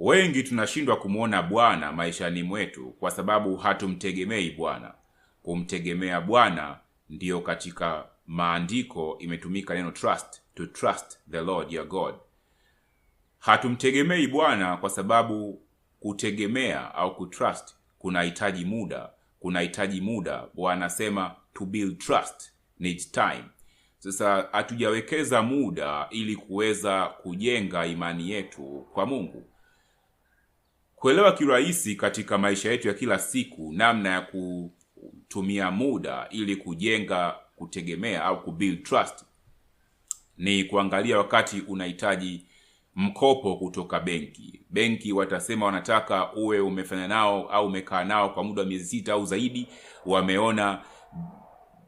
Wengi tunashindwa kumwona Bwana maishani mwetu kwa sababu hatumtegemei Bwana. Kumtegemea Bwana ndiyo, katika maandiko imetumika neno trust, to trust the Lord your God. Hatumtegemei Bwana kwa sababu kutegemea au kutrust kunahitaji muda, kunahitaji muda. Wanasema to build trust need time. Sasa hatujawekeza muda ili kuweza kujenga imani yetu kwa Mungu kuelewa kirahisi katika maisha yetu ya kila siku namna ya kutumia muda ili kujenga kutegemea au kubuild trust ni kuangalia wakati unahitaji mkopo kutoka benki. Benki watasema wanataka uwe umefanya nao au umekaa nao kwa muda wa miezi sita au zaidi, wameona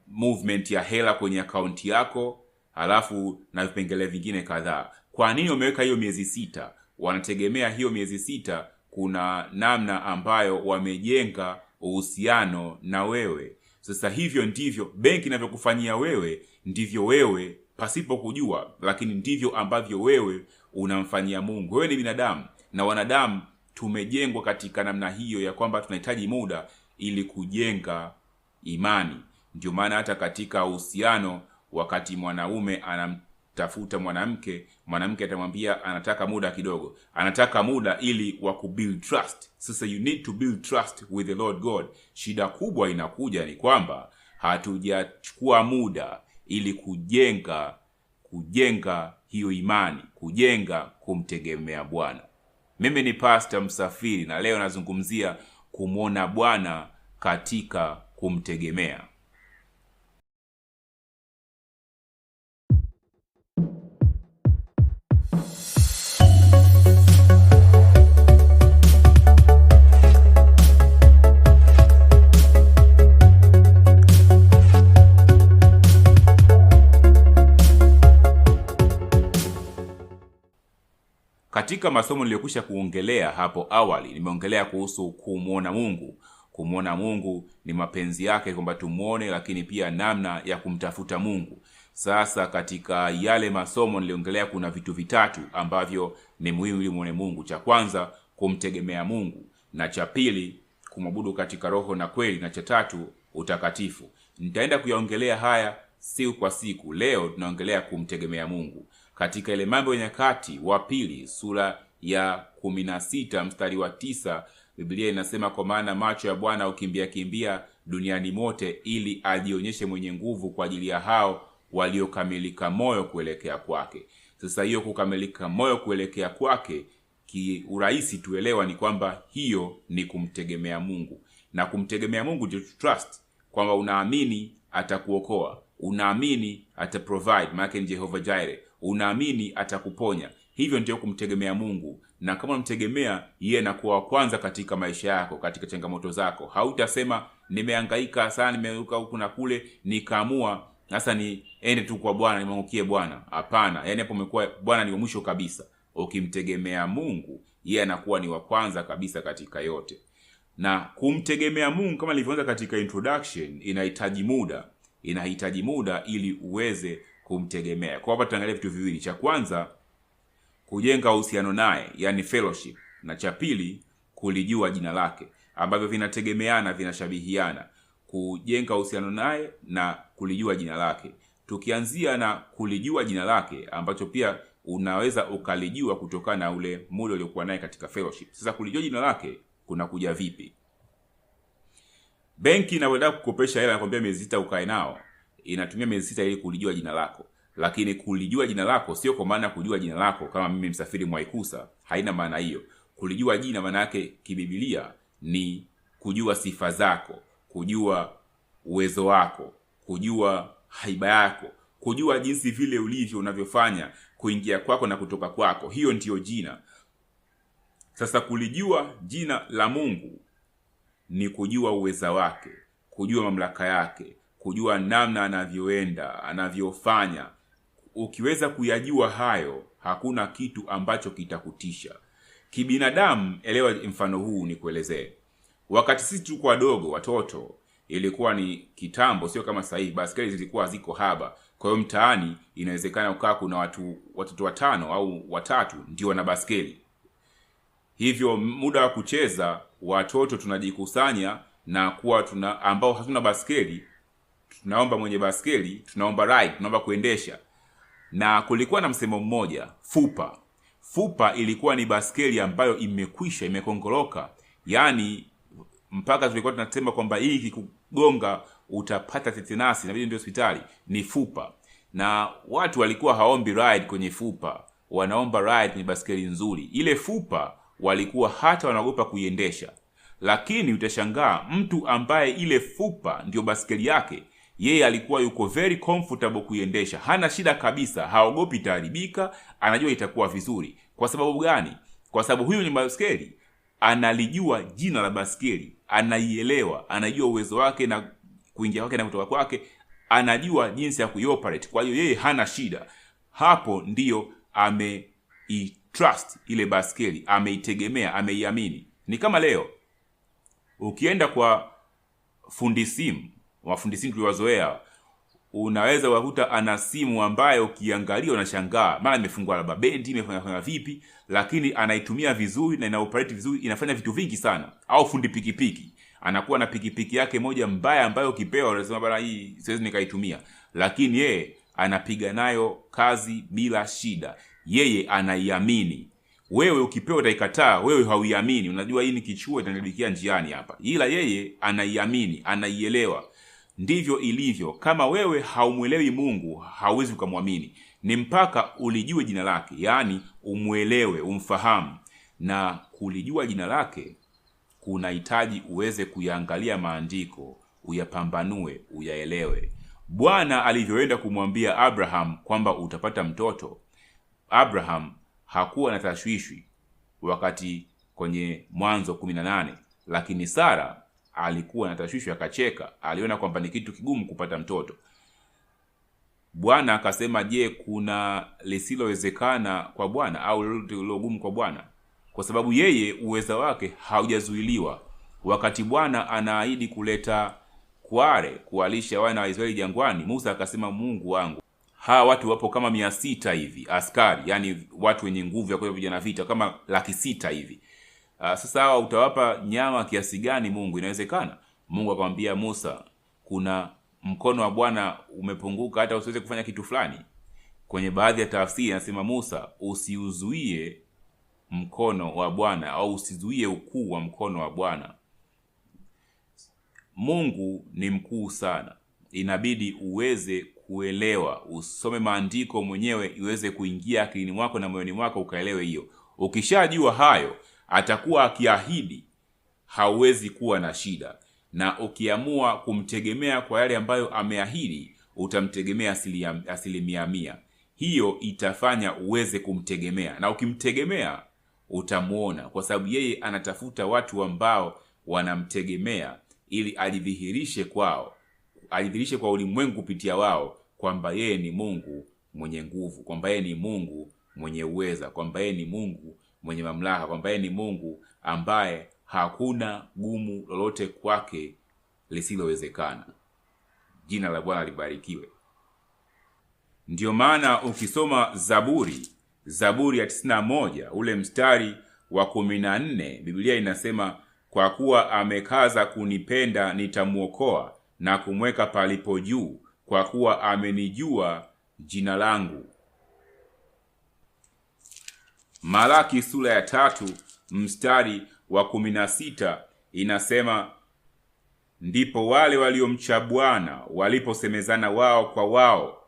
movement ya hela kwenye akaunti yako, halafu na vipengele vingine kadhaa. Kwa nini umeweka hiyo miezi sita? Wanategemea hiyo miezi sita kuna namna ambayo wamejenga uhusiano na wewe. Sasa hivyo ndivyo benki inavyokufanyia wewe, ndivyo wewe pasipo kujua, lakini ndivyo ambavyo wewe unamfanyia Mungu. Wewe ni binadamu na wanadamu tumejengwa katika namna hiyo ya kwamba tunahitaji muda ili kujenga imani. Ndio maana hata katika uhusiano, wakati mwanaume anam tafuta mwanamke mwanamke atamwambia anataka muda kidogo anataka muda ili wa kubuild trust sasa you need to build trust with the lord god shida kubwa inakuja ni kwamba hatujachukua muda ili kujenga kujenga hiyo imani kujenga kumtegemea bwana mimi ni pasta msafiri na leo nazungumzia kumwona bwana katika kumtegemea Katika masomo niliyokwisha kuongelea hapo awali, nimeongelea kuhusu kumwona Mungu. Kumwona Mungu ni mapenzi yake kwamba tumwone, lakini pia namna ya kumtafuta Mungu. Sasa katika yale masomo niliongelea, kuna vitu vitatu ambavyo ni muhimu ili muone Mungu. Cha kwanza kumtegemea Mungu, na cha pili kumwabudu katika roho na kweli, na cha tatu utakatifu. Nitaenda kuyaongelea haya siku kwa siku. Leo tunaongelea kumtegemea Mungu katika ile Mambo ya Nyakati wa pili sura ya kumi na sita mstari wa tisa Biblia inasema kwa maana macho ya Bwana hukimbia kimbia duniani mote, ili ajionyeshe mwenye nguvu kwa ajili ya hao waliokamilika moyo kuelekea kwake. Sasa hiyo kukamilika moyo kuelekea kwake, kiurahisi tuelewa ni kwamba hiyo ni kumtegemea Mungu, na kumtegemea Mungu trust, kwamba unaamini atakuokoa, unaamini ataprovide, maana ni Jehova jaire unaamini atakuponya. Hivyo ndio kumtegemea Mungu, na kama unamtegemea yeye, anakuwa wa kwanza katika maisha yako, katika changamoto zako. Hautasema nimeangaika sana, nimeuka huku na kule, nikaamua sasa niende tu kwa Bwana, nimwangukie Bwana. Hapana, yaani hapo umekuwa Bwana ni wa mwisho kabisa. Ukimtegemea Mungu, yeye anakuwa ni wa kwanza kabisa katika yote. Na kumtegemea Mungu kama nilivyoanza katika introduction, inahitaji muda, inahitaji muda ili uweze kumtegemea. Kwa hapa tutaangalia vitu viwili, cha kwanza kujenga uhusiano naye, yani fellowship, na cha pili kulijua jina lake, ambavyo vinategemeana, vinashabihiana, kujenga uhusiano naye na kulijua jina lake. Tukianzia na kulijua jina lake, ambacho pia unaweza ukalijua kutokana na ule muda uliokuwa naye katika fellowship. Sasa kulijua jina lake kuna kuja vipi? Benki inapoenda kukopesha hela, nakwambia miezi sita ukae nao inatumia miezi sita ili kulijua jina lako lakini kulijua jina lako sio kwa maana ya kujua jina lako kama mimi msafiri mwaikusa haina maana hiyo kulijua jina maana yake kibibilia ni kujua sifa zako kujua uwezo wako kujua haiba yako kujua jinsi vile ulivyo unavyofanya kuingia kwako na kutoka kwako hiyo ndiyo jina sasa kulijua jina la mungu ni kujua uweza wake kujua mamlaka yake kujua namna anavyoenda, anavyofanya. Ukiweza kuyajua hayo, hakuna kitu ambacho kitakutisha. Kibinadamu, elewa mfano huu nikuelezee. Wakati sisi tuko wadogo, watoto, ilikuwa ni kitambo, sio kama sahii baskeli zilikuwa ziko haba. Kwa hiyo mtaani inawezekana ukaa kuna watu watoto watano au watatu ndio na baskeli, hivyo muda wa kucheza watoto tunajikusanya na kuwa tuna ambao hatuna baskeli tunaomba mwenye baskeli, tunaomba ride, tunaomba kuendesha. Na kulikuwa na msemo mmoja fupa. Fupa ilikuwa ni baskeli ambayo imekwisha, imekongoroka, yaani mpaka tulikuwa tunasema kwamba hii ikikugonga utapata tetenasi, inabidi ndio hospitali. Ni fupa, na watu walikuwa haombi ride kwenye fupa, wanaomba ride kwenye baskeli nzuri. Ile fupa walikuwa hata wanaogopa kuiendesha, lakini utashangaa mtu ambaye ile fupa ndio baskeli yake yeye alikuwa yuko very comfortable kuiendesha, hana shida kabisa, haogopi itaharibika, anajua itakuwa vizuri. Kwa sababu gani? Kwa sababu huyu ni baskeli, analijua jina la baskeli, anaielewa, anajua uwezo wake na kuingia kwake na kutoka kwake, anajua jinsi ya kuioperate. Kwa hiyo yeye hana shida hapo, ndiyo ameitrust ile baskeli, ameitegemea, ameiamini. Ni kama leo ukienda kwa fundi simu wafundisini tuliwazoea, unaweza ukakuta ana simu ambayo ukiangalia unashangaa, mara imefungwa labda bendi imefanyafanya vipi, lakini anaitumia vizuri na inaoperate vizuri, inafanya vitu vingi sana. Au fundi pikipiki anakuwa na pikipiki yake moja mbaya ambayo ukipewa unasema bana, hii siwezi nikaitumia, lakini yeye anapiga nayo kazi bila shida, yeye anaiamini. Wewe ukipewa utaikataa, wewe hauiamini, unajua hii ni kichua itanidikia njiani hapa, ila yeye anaiamini, anaielewa ndivyo ilivyo. Kama wewe haumwelewi Mungu, hauwezi ukamwamini. Ni mpaka ulijue jina lake, yaani umwelewe, umfahamu. Na kulijua jina lake kunahitaji uweze kuyaangalia maandiko, uyapambanue, uyaelewe. Bwana alivyoenda kumwambia Abraham kwamba utapata mtoto, Abraham hakuwa na tashwishwi wakati kwenye Mwanzo 18, lakini Sara alikuwa na tashwishi akacheka, aliona kwamba ni kitu kigumu kupata mtoto. Bwana akasema, je, kuna lisilowezekana kwa Bwana au lolote lilogumu kwa Bwana? Kwa sababu yeye uweza wake haujazuiliwa. Wakati Bwana anaahidi kuleta kware kuwalisha wana wa Israeli jangwani, Musa akasema, Mungu wangu, hawa watu wapo kama mia sita hivi askari, yani watu wenye nguvu ya kuwa vijana vita kama laki sita hivi Uh, sasa hawa utawapa nyama kiasi gani Mungu? Inawezekana Mungu akamwambia Musa, kuna mkono wa Bwana umepunguka hata usiweze kufanya kitu fulani. Kwenye baadhi ya tafsiri anasema Musa, usiuzuie mkono wa Bwana au usizuie ukuu wa mkono wa Bwana. Mungu ni mkuu sana, inabidi uweze kuelewa, usome maandiko mwenyewe iweze kuingia akilini mwako na moyoni mwako ukaelewe hiyo. Ukishajua hayo atakuwa akiahidi, hauwezi kuwa na shida, na ukiamua kumtegemea kwa yale ambayo ameahidi, utamtegemea asilimia mia. Hiyo itafanya uweze kumtegemea, na ukimtegemea utamwona, kwa sababu yeye anatafuta watu ambao wanamtegemea ili alidhihirishe kwao, alidhihirishe kwa ulimwengu kupitia wao kwamba yeye ni Mungu mwenye nguvu, kwamba yeye ni Mungu mwenye uweza, kwamba yeye ni Mungu mwenye mamlaka, kwamba yeye ni Mungu ambaye hakuna gumu lolote kwake lisilowezekana. Jina la Bwana libarikiwe. Ndiyo maana ukisoma Zaburi, Zaburi ya 91 moja ule mstari wa kumi na nne Biblia inasema kwa kuwa amekaza kunipenda nitamuokoa na kumweka palipo juu, kwa kuwa amenijua jina langu. Malaki sura ya tatu mstari wa kumi na sita inasema ndipo wale waliomcha Bwana waliposemezana wao kwa wao,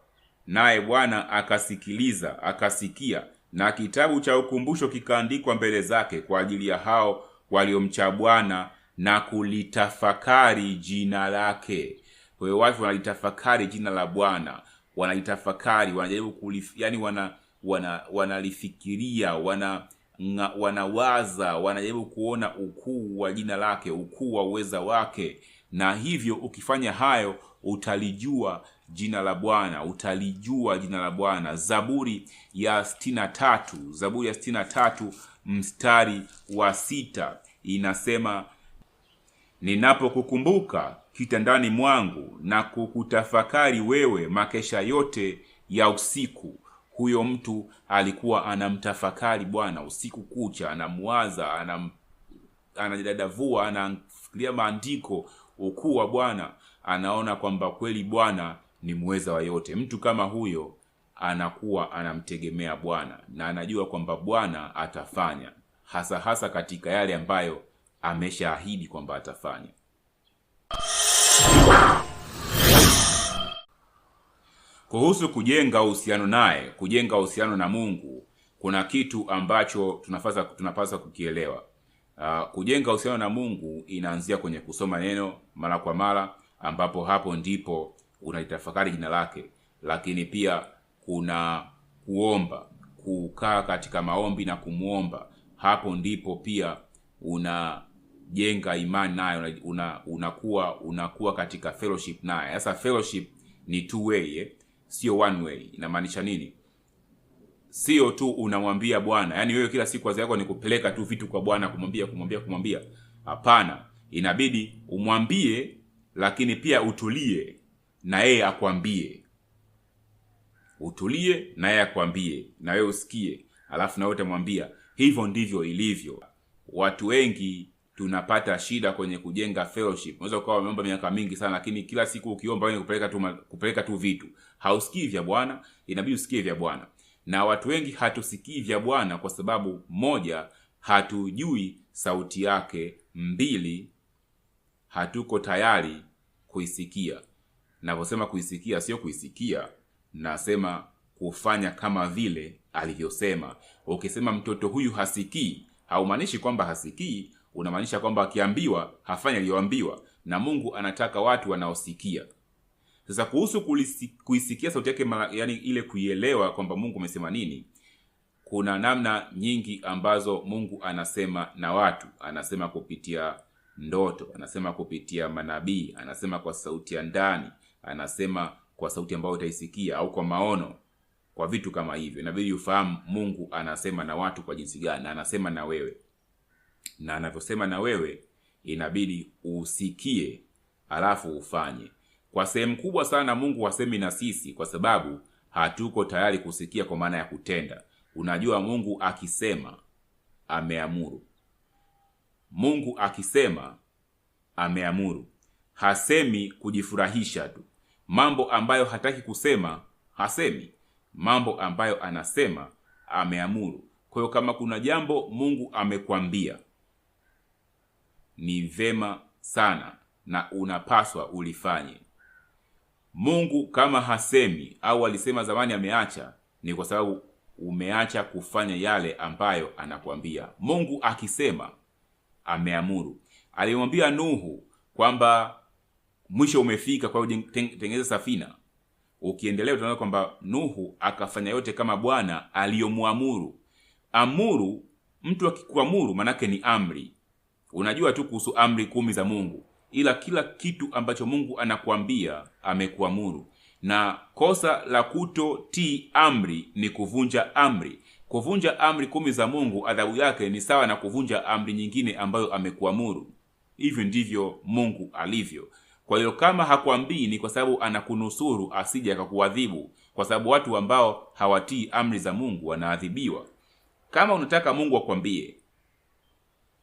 naye Bwana akasikiliza, akasikia, na kitabu cha ukumbusho kikaandikwa mbele zake kwa ajili ya hao waliomcha Bwana na kulitafakari jina lake. Kwa hiyo watu wanalitafakari jina la Bwana, wanalitafakari wanajaribu kulif, yani wana wana wanalifikiria wana wanawaza wanajaribu kuona ukuu wa jina lake, ukuu wa uweza wake, na hivyo ukifanya hayo utalijua jina la Bwana, utalijua jina la Bwana. Zaburi ya sitini tatu Zaburi ya sitini tatu mstari wa sita inasema ninapokukumbuka kitandani mwangu na kukutafakari wewe makesha yote ya usiku, huyo mtu alikuwa anamtafakari Bwana usiku kucha, anamwaza, anam anajidadavua, anafikiria maandiko, ukuu wa Bwana, anaona kwamba kweli Bwana ni mweza wa yote. Mtu kama huyo anakuwa anamtegemea Bwana na anajua kwamba Bwana atafanya hasa hasa katika yale ambayo ameshaahidi kwamba atafanya. kuhusu kujenga uhusiano naye, kujenga uhusiano na Mungu, kuna kitu ambacho tunapasa tunapaswa kukielewa. Uh, kujenga uhusiano na Mungu inaanzia kwenye kusoma neno mara kwa mara, ambapo hapo ndipo unalitafakari jina lake, lakini pia kuna kuomba, kukaa katika maombi na kumwomba. Hapo ndipo pia unajenga imani naye, unakuwa una unakuwa katika fellowship naye. Sasa fellowship ni two way eh? sio one way. Inamaanisha nini? Sio tu unamwambia Bwana, yaani wewe kila siku kazi yako ni kupeleka tu vitu kwa Bwana, kumwambia kumwambia kumwambia. Hapana, inabidi umwambie, lakini pia utulie na yeye akwambie, utulie na yeye akwambie, na wewe usikie, alafu na utamwambia. Hivyo ndivyo ilivyo watu wengi tunapata shida kwenye kujenga fellowship. Unaweza ukawa umeomba miaka mingi sana, lakini kila siku ukiomba kupeleka tu kupeleka tu vitu, hausikii vya Bwana. Inabidi usikie vya Bwana, na watu wengi hatusikii vya Bwana kwa sababu moja, hatujui sauti yake; mbili, hatuko tayari kuisikia. Navyosema kuisikia, sio kuisikia, nasema kufanya kama vile alivyosema. Ukisema mtoto huyu hasikii, haumaanishi kwamba hasikii unamaanisha kwamba akiambiwa hafanyi aliyoambiwa na mungu anataka watu wanaosikia sasa kuhusu kuisikia sauti yake yani ile kuielewa kwamba mungu amesema nini kuna namna nyingi ambazo mungu anasema na watu anasema kupitia ndoto anasema kupitia manabii anasema kwa sauti ya ndani anasema kwa sauti ambayo utaisikia au kwa maono kwa vitu kama hivyo inabidi ufahamu mungu anasema na watu kwa jinsi gani anasema na wewe na anavyosema na wewe inabidi usikie alafu ufanye. Kwa sehemu kubwa sana Mungu hasemi na sisi kwa sababu hatuko tayari kusikia, kwa maana ya kutenda. Unajua, Mungu akisema ameamuru, Mungu akisema ameamuru, hasemi kujifurahisha tu. Mambo ambayo hataki kusema hasemi, mambo ambayo anasema ameamuru. Kwa hiyo kama kuna jambo Mungu amekwambia ni vema sana na unapaswa ulifanye. Mungu kama hasemi au alisema zamani ameacha, ni kwa sababu umeacha kufanya yale ambayo anakwambia Mungu akisema ameamuru. Alimwambia Nuhu kwamba mwisho umefika, kwa tengeneza safina. Ukiendelea utaona kwamba Nuhu akafanya yote kama Bwana aliyomwamuru. Amuru, mtu akikuamuru manake ni amri unajua tu kuhusu amri kumi za Mungu, ila kila kitu ambacho Mungu anakuambia amekuamuru. Na kosa la kutotii amri ni kuvunja amri. Kuvunja amri kumi za Mungu, adhabu yake ni sawa na kuvunja amri nyingine ambayo amekuamuru. Hivyo ndivyo Mungu alivyo. Kwa hiyo kama hakwambii ni kwa sababu anakunusuru asije akakuadhibu, kwa sababu watu ambao hawatii amri za Mungu wanaadhibiwa. Kama unataka Mungu akwambie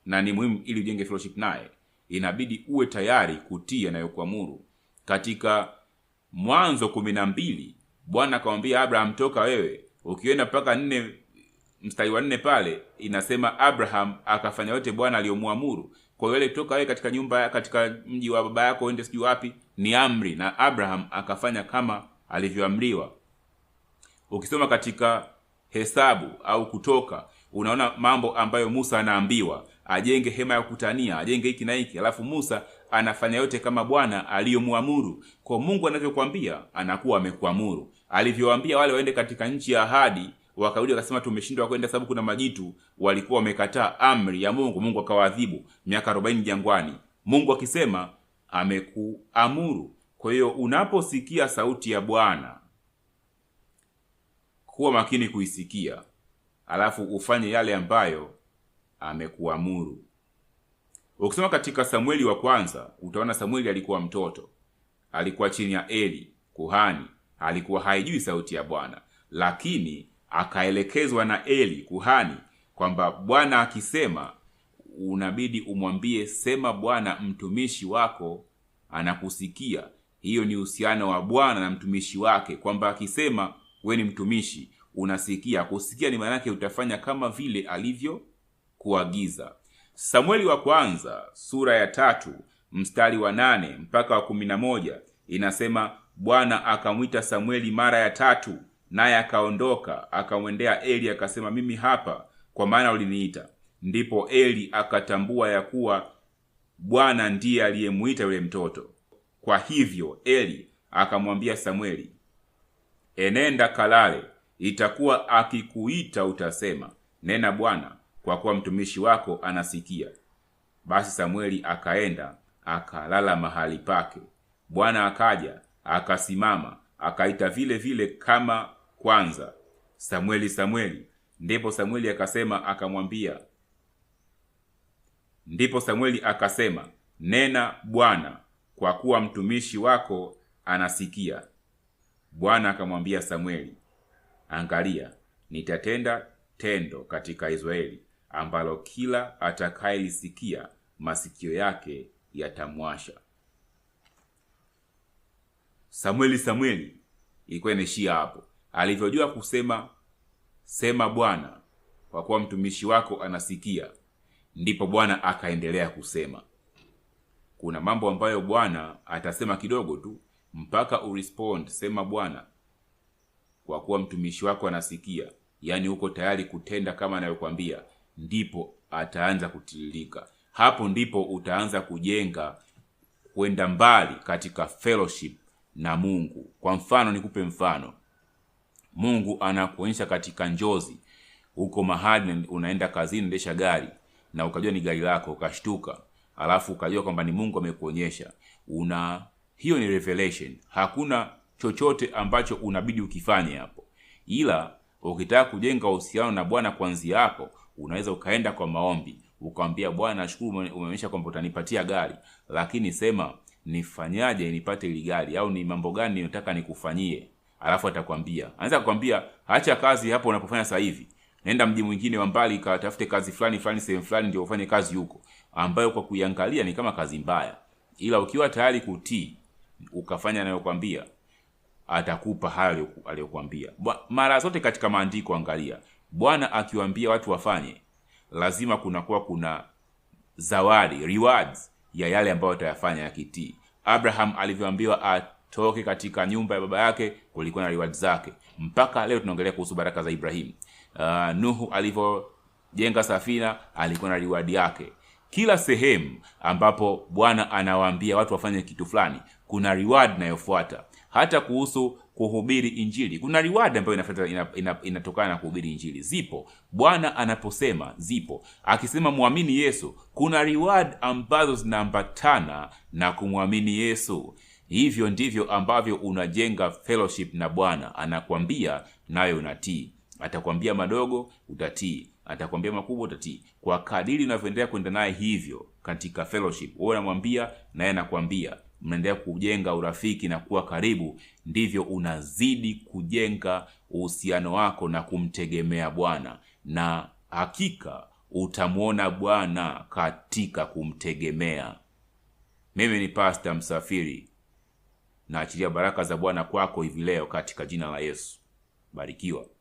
na ni muhimu ili ujenge fellowship naye, inabidi uwe tayari kutii anayokuamuru. Katika Mwanzo kumi na mbili Bwana akamwambia Abraham, toka wewe. Ukienda mpaka nne mstari wa nne pale inasema Abraham akafanya yote Bwana aliyomwamuru. Kwa hiyo ile toka wewe katika nyumba, katika mji wa baba yako uende sijui wapi, ni amri, na Abraham akafanya kama alivyoamriwa. Ukisoma katika Hesabu au Kutoka unaona mambo ambayo Musa anaambiwa ajenge hema ya kutania ajenge hiki na hiki, alafu Musa anafanya yote kama Bwana aliyomwamuru. Kwa Mungu anavyokuambia anakuwa amekuamuru. Alivyowaambia wale waende katika nchi ya ahadi, wakarudi wakasema tumeshindwa kwenda sababu kuna majitu, walikuwa wamekataa amri ya Mungu. Mungu akawaadhibu miaka arobaini jangwani. Mungu akisema amekuamuru. Kwa hiyo unaposikia sauti ya Bwana kuwa makini kuisikia, alafu ufanye yale ambayo amekuamuru. Ukisoma katika Samueli wa kwanza utaona Samueli alikuwa mtoto, alikuwa chini ya Eli kuhani, alikuwa haijui sauti ya Bwana, lakini akaelekezwa na Eli kuhani kwamba Bwana akisema unabidi umwambie, sema Bwana mtumishi wako anakusikia. Hiyo ni uhusiano wa Bwana na mtumishi wake, kwamba akisema we ni mtumishi unasikia. Kusikia ni maana yake utafanya kama vile alivyo kuagiza. Samueli wa kwanza sura ya tatu mstari wa nane mpaka wa kumi na moja inasema Bwana akamwita Samueli mara ya tatu, naye akaondoka akamwendea Eli akasema, mimi hapa, kwa maana uliniita. Ndipo Eli akatambua ya kuwa Bwana ndiye aliyemuita yule mtoto. Kwa hivyo Eli akamwambia Samueli, enenda kalale, itakuwa akikuita utasema, nena Bwana kwa kuwa mtumishi wako anasikia. Basi Samueli akaenda akalala mahali pake. Bwana akaja akasimama akaita vile vile kama kwanza, Samueli, Samueli. Ndipo Samueli akasema akamwambia, ndipo Samueli akasema, nena Bwana, kwa kuwa mtumishi wako anasikia. Bwana akamwambia Samueli, angalia, nitatenda tendo katika Israeli ambalo kila atakayelisikia masikio yake yatamwasha. Samueli Samueli ilikuwa inaishia hapo, alivyojua kusema sema Bwana, kwa kuwa mtumishi wako anasikia. Ndipo Bwana akaendelea kusema. Kuna mambo ambayo Bwana atasema kidogo tu mpaka urespond, sema Bwana, kwa kuwa mtumishi wako anasikia. Yaani huko tayari kutenda kama anayokwambia ndipo ataanza kutiririka. Hapo ndipo utaanza kujenga kwenda mbali katika fellowship na Mungu. Kwa mfano, nikupe mfano, Mungu anakuonyesha katika njozi huko mahali unaenda kazini, endesha gari na ukajua ni gari lako, ukashtuka, alafu ukajua kwamba ni Mungu amekuonyesha. Una hiyo ni revelation. Hakuna chochote ambacho unabidi ukifanye hapo, ila ukitaka kujenga uhusiano na Bwana kwanzia yako unaweza ukaenda kwa maombi ukawambia Bwana, nashukuru umeonyesha kwamba utanipatia gari, lakini sema nifanyaje nipate hili gari, au ni mambo gani nataka nikufanyie? Alafu atakwambia, anaweza kukwambia acha kazi hapo unapofanya sasa hivi, nenda mji mwingine wa mbali, katafute kazi fulani fulani sehemu fulani, ndio ufanye kazi huko, ambayo kwa kuiangalia ni kama kazi mbaya, ila ukiwa tayari kutii ukafanya anayokwambia, atakupa hayo aliyokwambia Mara zote katika maandiko angalia Bwana akiwaambia watu wafanye, lazima kunakuwa kuna zawadi rewards ya yale ambayo watayafanya yakitii. Abraham alivyoambiwa atoke katika nyumba ya baba yake, kulikuwa na rewards zake. Mpaka leo tunaongelea kuhusu baraka za Ibrahimu. Uh, Nuhu alivyojenga safina alikuwa na reward yake. Kila sehemu ambapo Bwana anawaambia watu wafanye kitu fulani, kuna reward inayofuata. Hata kuhusu kuhubiri Injili. Kuna riwadi ambayo inatokana ina, ina, ina na kuhubiri Injili. Zipo Bwana anaposema, zipo akisema mwamini Yesu. Kuna riwadi ambazo zinaambatana na kumwamini Yesu. Hivyo ndivyo ambavyo unajenga fellowship na Bwana. Anakwambia nayo unatii, atakwambia madogo, utatii atakwambia makubwa utatii. Kwa kadiri unavyoendelea kwenda naye hivyo katika fellowship, wewe unamwambia naye anakwambia mnaendelea kujenga urafiki na kuwa karibu, ndivyo unazidi kujenga uhusiano wako na kumtegemea Bwana, na hakika utamwona Bwana katika kumtegemea. Mimi ni Pasta Msafiri, naachilia baraka za Bwana kwako hivi leo katika jina la Yesu. Barikiwa.